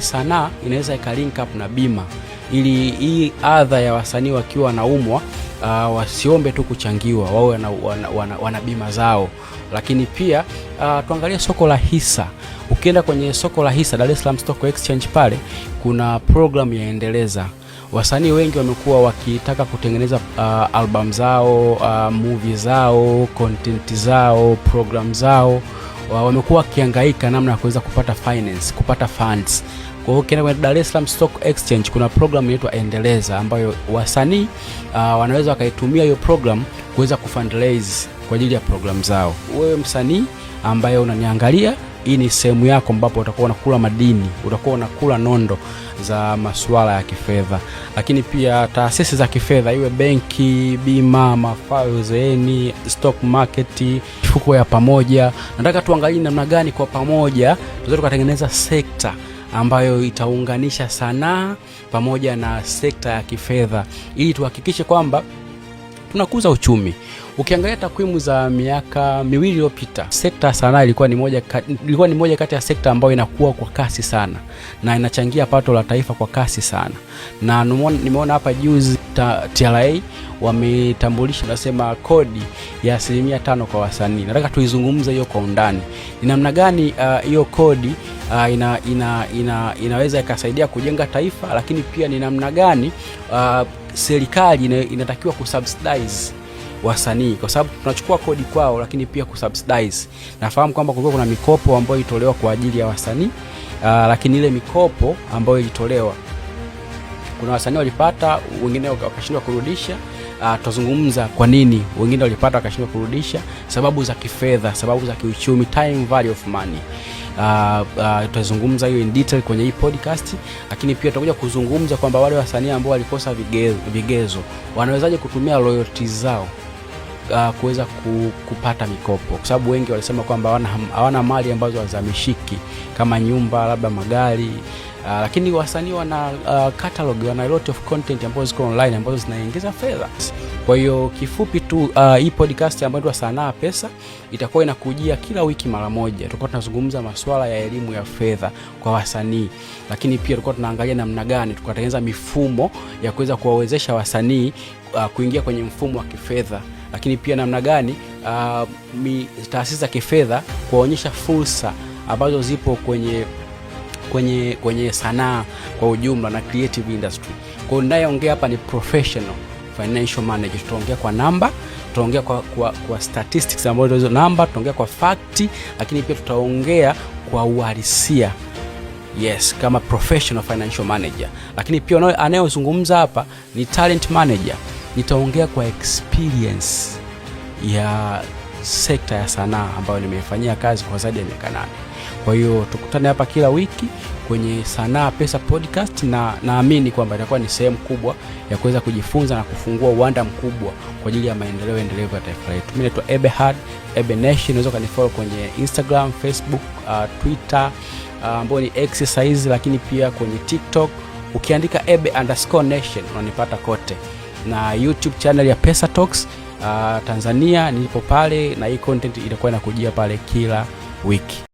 Sanaa inaweza ikalink up na bima ili hii adha ya wasanii wakiwa wanaumwa uh, wasiombe tu kuchangiwa, wawe wana, wana, wana, wana bima zao. Lakini pia uh, tuangalie soko la hisa. Ukienda kwenye soko la hisa Dar es Salaam Stock Exchange pale kuna programu ya Endeleza. Wasanii wengi wamekuwa wakitaka kutengeneza uh, albamu zao uh, movie zao, content zao, programu zao wamekuwa wakiangaika namna ya kuweza kupata finance, kupata funds. Kwa hiyo ukienda kwenye Dar es Salaam Stock Exchange kuna program inaitwa Endeleza ambayo wasanii uh, wanaweza wakaitumia hiyo program kuweza kufundraise kwa ajili ya programu zao. Wewe msanii ambaye unaniangalia hii ni sehemu yako ambapo utakuwa unakula madini, utakuwa unakula nondo za masuala ya kifedha. Lakini pia taasisi za kifedha, iwe benki, bima, mafao uzeeni, stock market, mifuko ya pamoja, nataka tuangalie namna gani kwa pamoja tuweze tukatengeneza sekta ambayo itaunganisha sanaa pamoja na sekta ya kifedha ili tuhakikishe kwamba tunakuza uchumi. Ukiangalia takwimu za miaka miwili iliyopita, sekta sanaa ilikuwa ni moja ilikuwa ni moja kati ya sekta ambayo inakuwa kwa kasi sana na inachangia pato la taifa kwa kasi sana, na nimeona hapa juzi TRA wametambulisha, nasema kodi ya asilimia tano kwa wasanii. Nataka tuizungumze hiyo kwa undani, ni namna gani uh, hiyo uh, kodi uh, ina, ina, ina, inaweza ikasaidia kujenga taifa, lakini pia ni namna gani uh, serikali inatakiwa kusubsidize wasanii kwa sababu tunachukua kodi kwao, lakini pia kusubsidize. Nafahamu kwamba kulikuwa kuna mikopo ambayo ilitolewa kwa ajili ya wasanii uh, lakini ile mikopo ambayo ilitolewa kuna wasanii walipata, wengine wakashindwa kurudisha. Uh, tutazungumza kwa nini wengine walipata wakashindwa kurudisha, sababu za kifedha, sababu za kiuchumi, time value of money uh, uh, tutazungumza hiyo in detail kwenye hii podcast, lakini pia tutakuja kuzungumza kwamba wale wasanii ambao walikosa vigezo, vigezo wanawezaje kutumia loyalty zao uh, kuweza kupata mikopo, kwa sababu wengi walisema kwamba hawana mali ambazo hazamishiki kama nyumba, labda magari Uh, lakini wasanii wana uh, catalog wana lot of content ambazo ziko online ambazo zinaingiza fedha. Kwa hiyo kifupi tu uh, hii podcast ambayo inaitwa Sanaa Pesa itakuwa inakujia kila wiki mara moja. Tutakuwa tunazungumza masuala ya elimu ya fedha kwa wasanii, lakini pia tutakuwa tunaangalia namna gani tukatengeneza mifumo ya kuweza kuwawezesha wasanii uh, kuingia kwenye mfumo wa kifedha lakini pia namna gani uh, taasisi za kifedha kuwaonyesha fursa ambazo zipo kwenye kwenye, kwenye sanaa kwa ujumla na creative industry. Kwa hiyo ninayeongea hapa ni professional financial manager. Tutaongea kwa namba, tutaongea kwa, kwa, kwa statistics ambazo hizo namba, tutaongea kwa fakti, lakini pia tutaongea kwa uhalisia Yes, kama professional financial manager, lakini pia anayozungumza hapa ni talent manager. Nitaongea kwa experience ya sekta ya sanaa ambayo nimeifanyia kazi kwa zaidi ya miaka nane. Kwa hiyo tukutane hapa kila wiki kwenye Sanaa Pesa Podcast, na naamini kwamba itakuwa ni sehemu kubwa ya kuweza kujifunza na kufungua uwanda mkubwa kwa ajili ya maendeleo endelevu ya taifa letu. Mimi naitwa Ebehad nation unaweza ukanifolo kwenye Instagram, Facebook, uh, Twitter uh, ambayo uh, ni exercise lakini pia kwenye TikTok ukiandika ebe underscore nation unanipata kote, na YouTube channel ya Pesa Talks uh, Tanzania nilipo pale, na hii content itakuwa inakujia pale kila wiki.